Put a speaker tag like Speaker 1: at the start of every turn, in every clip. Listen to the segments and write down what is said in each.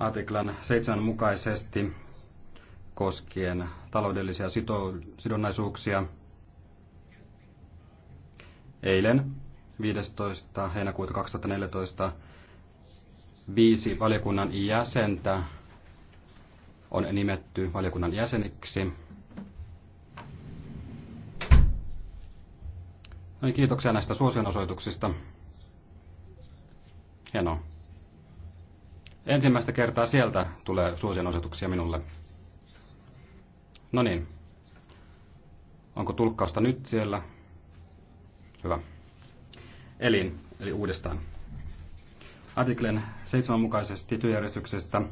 Speaker 1: artiklan 7 mukaisesti koskien taloudellisia sidonnaisuuksia. Eilen 15. heinäkuuta 2014 viisi valiokunnan jäsentä on nimetty valiokunnan jäseniksi. kiitoksia näistä suosionosoituksista. Hienoa. Ensimmäistä kertaa sieltä tulee suosionosoituksia minulle. No niin. Onko tulkkausta nyt siellä? Hyvä. Elin, eli uudestaan. Artiklen 7 mukaisesta työjärjestyksestä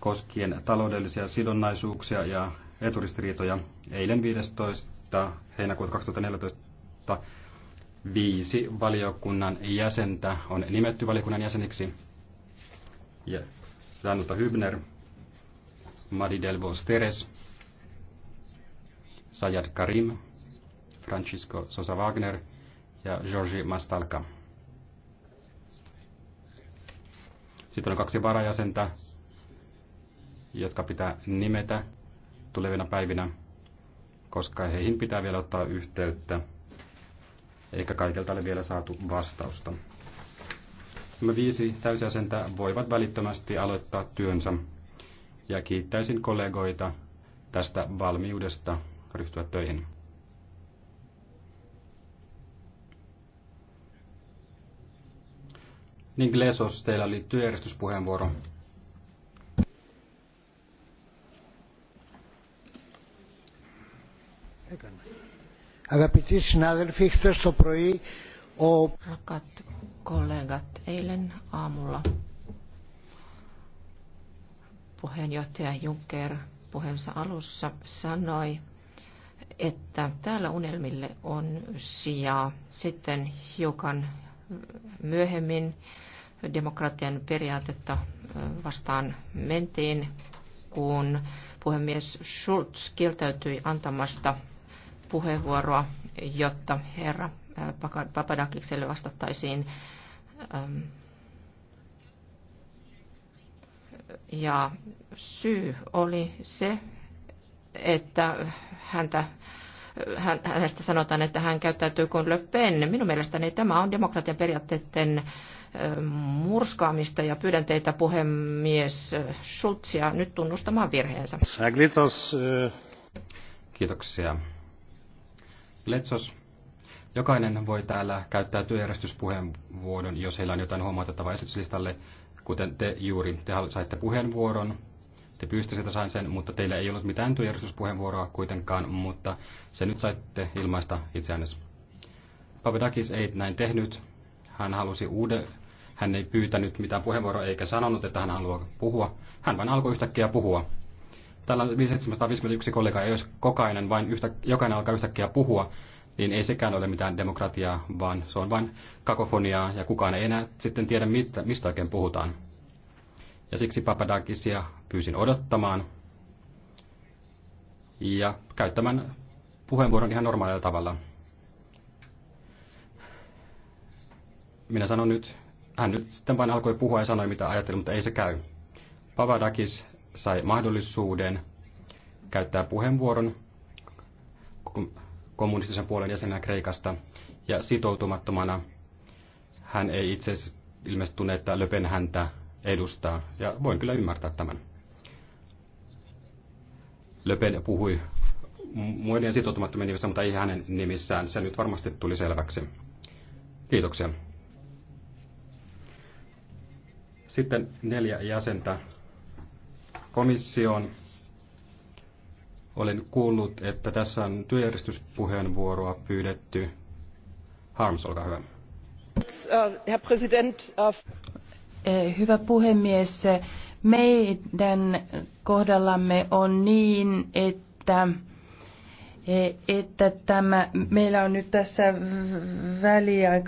Speaker 1: koskien taloudellisia sidonnaisuuksia ja eturistiriitoja eilen 15. heinäkuuta 2014 viisi valiokunnan jäsentä on nimetty valiokunnan jäseniksi ja Danuta Hübner, Madi Delvos Teres, Sajad Karim, Francisco Sosa Wagner ja Georgi Mastalka. Sitten on kaksi varajäsentä, jotka pitää nimetä tulevina päivinä, koska heihin pitää vielä ottaa yhteyttä, eikä kaikilta ole vielä saatu vastausta. Nämä viisi täysjäsentä voivat välittömästi aloittaa työnsä ja kiittäisin kollegoita tästä valmiudesta ryhtyä töihin. Niin Glesos, teillä oli työjärjestyspuheenvuoro.
Speaker 2: Αγαπητοί συνάδελφοι, χθες το πρωί Rakkaat Rakat kollegat, eilen aamulla puheenjohtaja Juncker puheensa alussa sanoi, että täällä unelmille on sijaa. Sitten hiukan myöhemmin demokratian periaatetta vastaan mentiin, kun puhemies Schulz kieltäytyi antamasta puheenvuoroa, jotta herra Papadakikselle vastattaisiin. Ähm, ja syy oli se, että häntä hänestä sanotaan, että hän käyttäytyy kuin Le Pen. Minun mielestäni tämä on demokratian periaatteiden ähm, murskaamista ja pyydän teitä puhemies äh, Schulzia nyt tunnustamaan virheensä.
Speaker 1: Äh, Kiitoksia. Letsos Jokainen voi täällä käyttää työjärjestyspuheenvuoron, jos heillä on jotain huomautettavaa esityslistalle, kuten te juuri, te saitte puheenvuoron, te pyysitte sain sen, mutta teillä ei ollut mitään työjärjestyspuheenvuoroa kuitenkaan, mutta se nyt saitte ilmaista itseänne. Papadakis ei näin tehnyt. Hän halusi uuden, hän ei pyytänyt mitään puheenvuoroa eikä sanonut, että hän haluaa puhua. Hän vain alkoi yhtäkkiä puhua. Täällä on 751 kollega, ei jos kokainen vain yhtä, jokainen alkaa yhtäkkiä puhua, niin ei sekään ole mitään demokratiaa, vaan se on vain kakofoniaa ja kukaan ei enää sitten tiedä, mistä, mistä oikein puhutaan. Ja siksi Papadakisia pyysin odottamaan ja käyttämään puheenvuoron ihan normaalilla tavalla. Minä sanon nyt, hän nyt sitten vain alkoi puhua ja sanoi mitä ajatteli, mutta ei se käy. Papadakis sai mahdollisuuden käyttää puheenvuoron, kommunistisen puolen jäsenenä Kreikasta ja sitoutumattomana hän ei itse asiassa ilmeisesti tunne, että Löpen häntä edustaa. Ja voin kyllä ymmärtää tämän. Löpen puhui muiden sitoutumattomien nimissä, mutta ei hänen nimissään. Se nyt varmasti tuli selväksi. Kiitoksia. Sitten neljä jäsentä komission olen kuullut, että tässä on työjärjestyspuheenvuoroa pyydetty. Harms, olkaa hyvä.
Speaker 2: Äh, eh, hyvä puhemies, meidän kohdallamme on niin, että eh, että tämä, meillä on nyt tässä väliaika